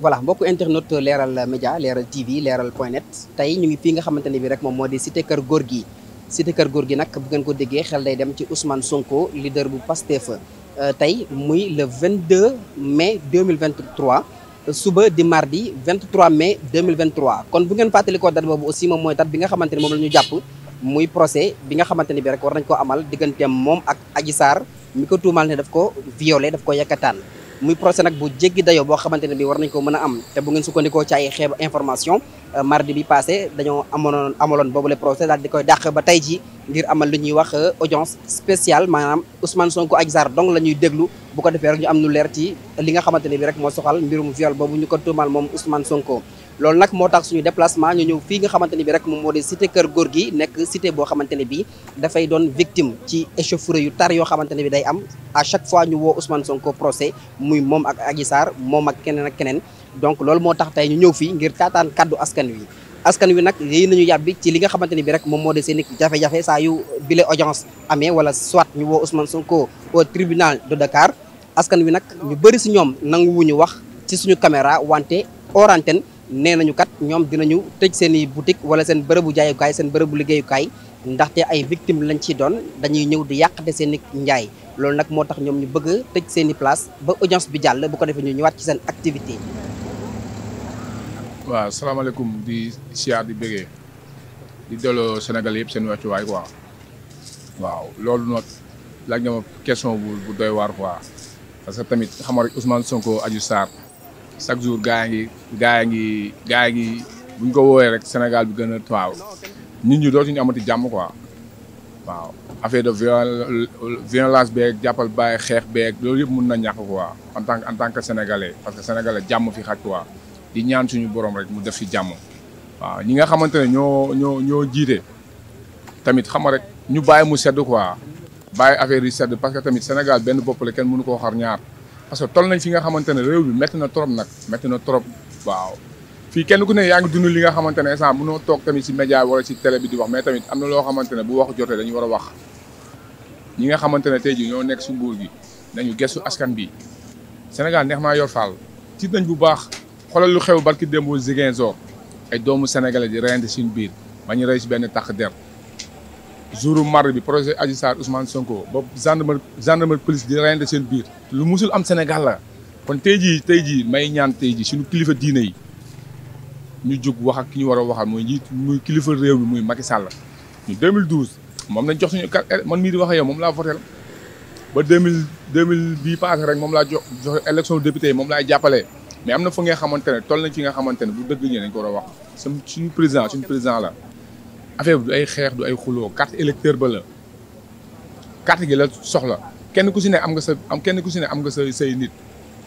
voilà mbokku internet leeral média leeral TV leeral point net tey ñu ngi fii nga xamante ne bi rek moom moo di cité kër góor gi cité kër góor gi nag bu ngeen ko déggee xel day dem ci Ousmane Sonko leader bu Pastef euh, tey muy le 22 mai 2023 suba di mardi 23 mai 2023 kon bu ngeen fàttalikoo date boobu aussi moom mooy date bi nga xamante ne moom la ñu jàpp. muy procès bi nga xamante ni bi rek war nañ koo amal digganteem moom ak Adji Sarr mi ko tuumaal ne daf ko violé daf ko yakkataan muy procès nag bu jéggi dayo boo xamante ne bi war nañ ko mën a am te bu ngeen sukkandikoo ci ay xeeb information Euh, mardi bi passé dañoo amoon amaloon boobu le procès daal di koy dàq ba tey ji ngir amal lu ñuy wax euh, audience spéciale maanaam Ousmane Sonko ak donc la ñuy déglu bu ko defee rek ñu am lu leer ci li nga xamante ne bi rek moo soxal mbirum viol boobu ñu ko tuumal moom Ousmane Sonko. loolu nag moo tax suñu déplacement ñu ñëw fii nga xamante ne bi rek moom moo di cité kër góor gi nekk cité boo xamante ne bi dafay doon victime ci échauffourée yu tar yoo xamante ne bi day am à fois ñu woo Ousmane Sonko procès muy moom ak Adji moom ak keneen ak keneen donc loolu moo tax tey ñu ñëw fii ngir taataan kàddu askan wi askan wi nag yéy nañu yàbbi ci li nga xamante ni bi rek moom moo de seeni i jafe-jafe saa yu bile audience amee wala soit ñu woo Ousmane Sonko au tribunal de Dakar askan wi nag ñu bëri si ñoom nanguwuñu wax ci suñu caméra wante hors antenne nee nañu kat ñoom dinañu tëj seen i boutique wala seen bërëbu jaayukaay seen bërëbu liggéeyukaay ndaxte ay victime lañ ciy doon dañuy ñëw di yàqate seen i njaay loolu nag moo tax ñoom ñu bëgg a tëj place ba audience bi jàll bu ko defee ñu ñëwaat ci seen activité waaw salaamaaleykum di siyaar di bëggee di delloo Sénégal yëpp seen wàccuwaay quoi waaw loolu noot laaj nga question bu bu doy waar quoi parce que tamit xam nga rek Ousmane Sonko aju Sarr chaque jour gaa ngi gaa ngi gaa ngi bu ñu ko woowee rek Sénégal bi gën a waaw nit ñi dootuñu amati jàmm quoi waaw affaire de violence beeg jàppal bàyyi xeex beeg loolu yëpp mun na ñàkk quoi en tant que tant que sénégalais parce que sénégalais jàmm fi xaj quoi. di ñaan suñu borom rek mu def si jàmm waaw ñi nga xamante ne ñoo ñoo ñoo jiite tamit xam nga rek ñu bàyyi mu sedd quoi bàyyi affaire yi sedd parce que tamit Sénégal benn bopp la kenn mënu koo xar ñaar parce que toll nañ fi nga xamante ne réew bi métti na trop nag métti na trop waaw. fii kenn ku ne yaa ngi dund li nga xamante ne instant noo toog tamit si média wala si télé bi di wax mais tamit am na loo xamante ne bu wax jotee dañu war a wax ñi nga xamante ne tey jii ñoo nekk si nguur gi nañu gëstu askan bi Sénégal neex naa yor faal nañ bu baax. xoolal lu xew barki démb Ziguinchor ay doomu sénégalais di reyante suñu biir ba ñu rey si benn tax der jouru mardi bi projet Adji Sarr Ousmane Sonko ba gendarme gendarmerie police di reyante seen biir lu musul am Sénégal la kon tey jii tey jii may ñaan tey jii suñu kilifa diine yi ñu jóg wax ki ñu war a waxal mooy njiit muy kilifa réew bi muy Macky Sall ñu moom lañ jox suñu carte eh, man mii di wax ak moom laa voté ba 2000 mil bii passé rek moom laa jox jox élection moom laay jàppale mais am na fu nga xamante ne toll na ci nga xamante ne bu dëgg ñee dañ ko war a wax suñu président suñu président la affaire bi du ay xeex du ay xuloo carte électeur ba la carte gi la soxla kenn ku si ne am nga sa am kenn ku si ne am nga sa say nit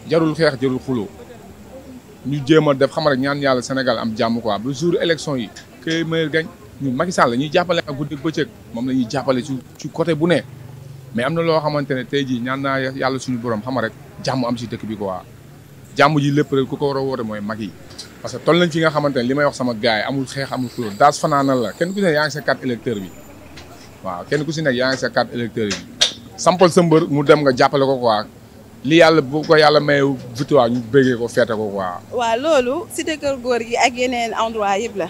jarul xeex jarul xulo ñu jéem a def xam rek ñaan yàlla Sénégal am jàmm ko quoi ba jour élection yi que meilleur gagne ñu Macky Sall la ñuy jàppale ak guddi bëccëg moom la ñuy jàppale ci ci côté bu ne mais am na loo xamante ne tey jii ñaan naa yàlla suñu borom xam rek jàmm am si dëkk bi quoi. jàmm ji lépp rek ku ko war a woote mooy mag yi parce que toll nañ fi nga xamante ne li may wax sama gars yi amul xeex amul xulóor daas fanaanal la kenn ku si nekk yaa ngi sa carte électeur bi waaw kenn ku si nekk yaa ngi sa carte électeur bi sampal sa mu dem nga jàppale ko quoi li yàlla bu ko yàlla maye victoire ñu bëggee ko feete ko quoi. waaw loolu Cité Keur gi ak yeneen endroit yëpp la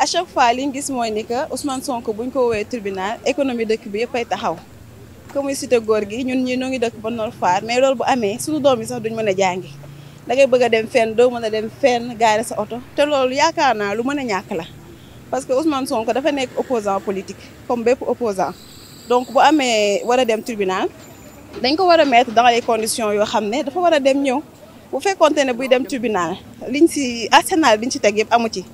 a chaque fois li ñu gis mooy ni que Ousmane Sonko buñ ko woowee tribunal économie dëkk bi yëpp ay taxaw comme Cité Gorgui ñun ñii ñoo ngi dëkk ba Nord Foire mais loolu bu amee suñu doom yi sax duñ mën a jàngi da ngay bëgg a dem fenn doo mën a dem fenn gaare sa oto te loolu yaakaar naa lu mën a ñàkk la parce que Ousmane Sonko dafa nekk opposan politique comme bépp opposant donc bu amee war a dem tribunal dañ ko war a mettre dans les conditions yoo xam ne dafa war a dem ñëw bu fekkonte ne buy dem tribunal liñ si arsenal biñ ci teg yëpp amu ci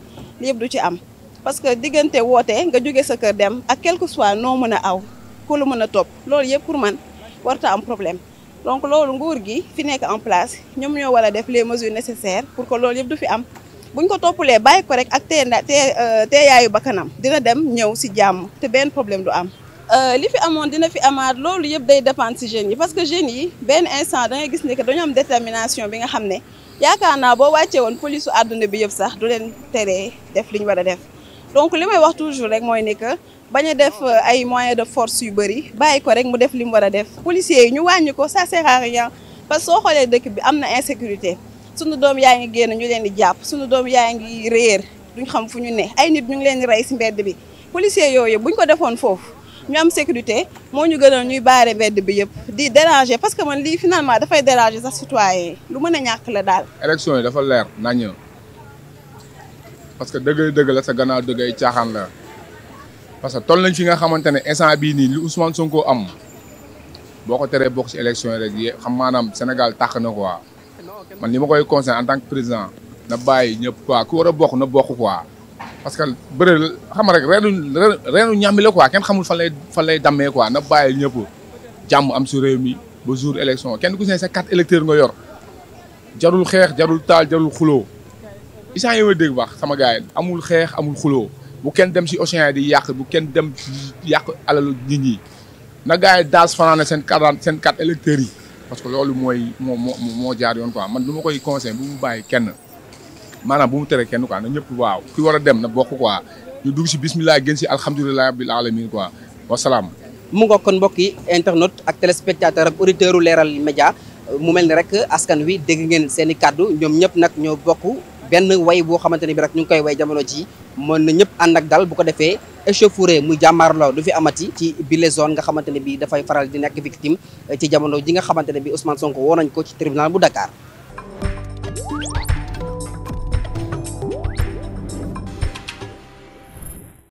li yëpp du ci am parce que diggante woote nga jóge sa kër dem ak quelque soit noo mën a aw ko la mën a topp loolu yëpp pour man warta am problème donc loolu nguur gi fi nekk en place ñoom ñoo war a def les mesures nécessaires pour que loolu yëpp du fi am buñ ko toppalee bàyyi ko rek ak tee tee euh, tee yaayu bakkanam dina dem ñëw si jàmm te benn problème du am. Euh, li fi amoon dina fi amaat loolu yëpp day dépendre si jeunes yi parce que jeunes yi benn instant da gis ne que dañoo am détermination bi nga xam ne yaakaar naa boo wàccee woon police u àdduna bi yëpp sax du leen tere def li ñu war a def. donc li may wax toujours rek mooy ne que bañ a def euh, ay moyens de force yu bëri bàyyi ko rek mu def li mu war a def policier yi ñu wàññi ko sa sert à rien parce que soo xoolee dëkk bi am na insécurité suñu doom yaa ngi génn ñu leen di jàpp suñu doom yaa ngi réer ñu xam fu ñu ne ay nit ñu ngi leen di rey si mbedd bi policier yooyu buñ ko defoon foofu ñu am sécurité moo ñu gënal ñuy baare mbedd bi yëpp di déranger parce que man lii finalement dafay déranger sax citoyen lu mën a ñàkk daal. élection yi dafa leer parce que dëgg dëgg la sa ganaar dëgg ay caaxaan la parce que toll nañ fi nga xamante ne instant bii nii lu Ousmane Sonko am boo ko teree bokk ci élection yi rek yé xam maanaam Sénégal tax na quoi man li ma koy conseil en tant que président na bàyyi ñëpp quoi ku war bokk na bokk quoi parce que bëri xam nga rek reenu reenu ñàmbi la quoi kenn xamul fa lay fan lay dammee quoi na bàyyi ñëpp jàmm am si réew mi ba jour élection kenn ku si ne sa carte électeur nga yor jarul xeex jarul taal jarul xuloo isaan yow dégg baax sama gars yi amul xeex amul xuloo bu kenn dem si océan di yàq bu kenn dem yàq alalu nit ñi na gars yi daas fanaane seen carte seen électeurs yi parce que loolu mooy moo moo moo jaar yoon quoi man du ma koy conseil bu mu bàyyi kenn maanaam bu mu tere kenn quoi na ñëpp waaw ki war dem na bokk quoi ñu dugg si bismillah génn si alhamdulilah rabbil alamin quoi wasalaam. mu nga kon mbokk yi internet ak téléspectateur ak auditeur u leeral média mu mel ni rek askan wi dégg ngeen seen i kàddu ñoom ñëpp nag ñoo bokk. benn way boo xamante ne bi rek ñu ngi koy way jamono ji mën na ñëpp ànd daal dal bu ko defee échauffourée muy jàmmaarloo du fi amati ci bile zone nga xamante ne bi dafay faral di nekk victime ci jamono ji nga xamante ne bi Ousmane Sonko woo nañ ko ci tribunal bu Dakar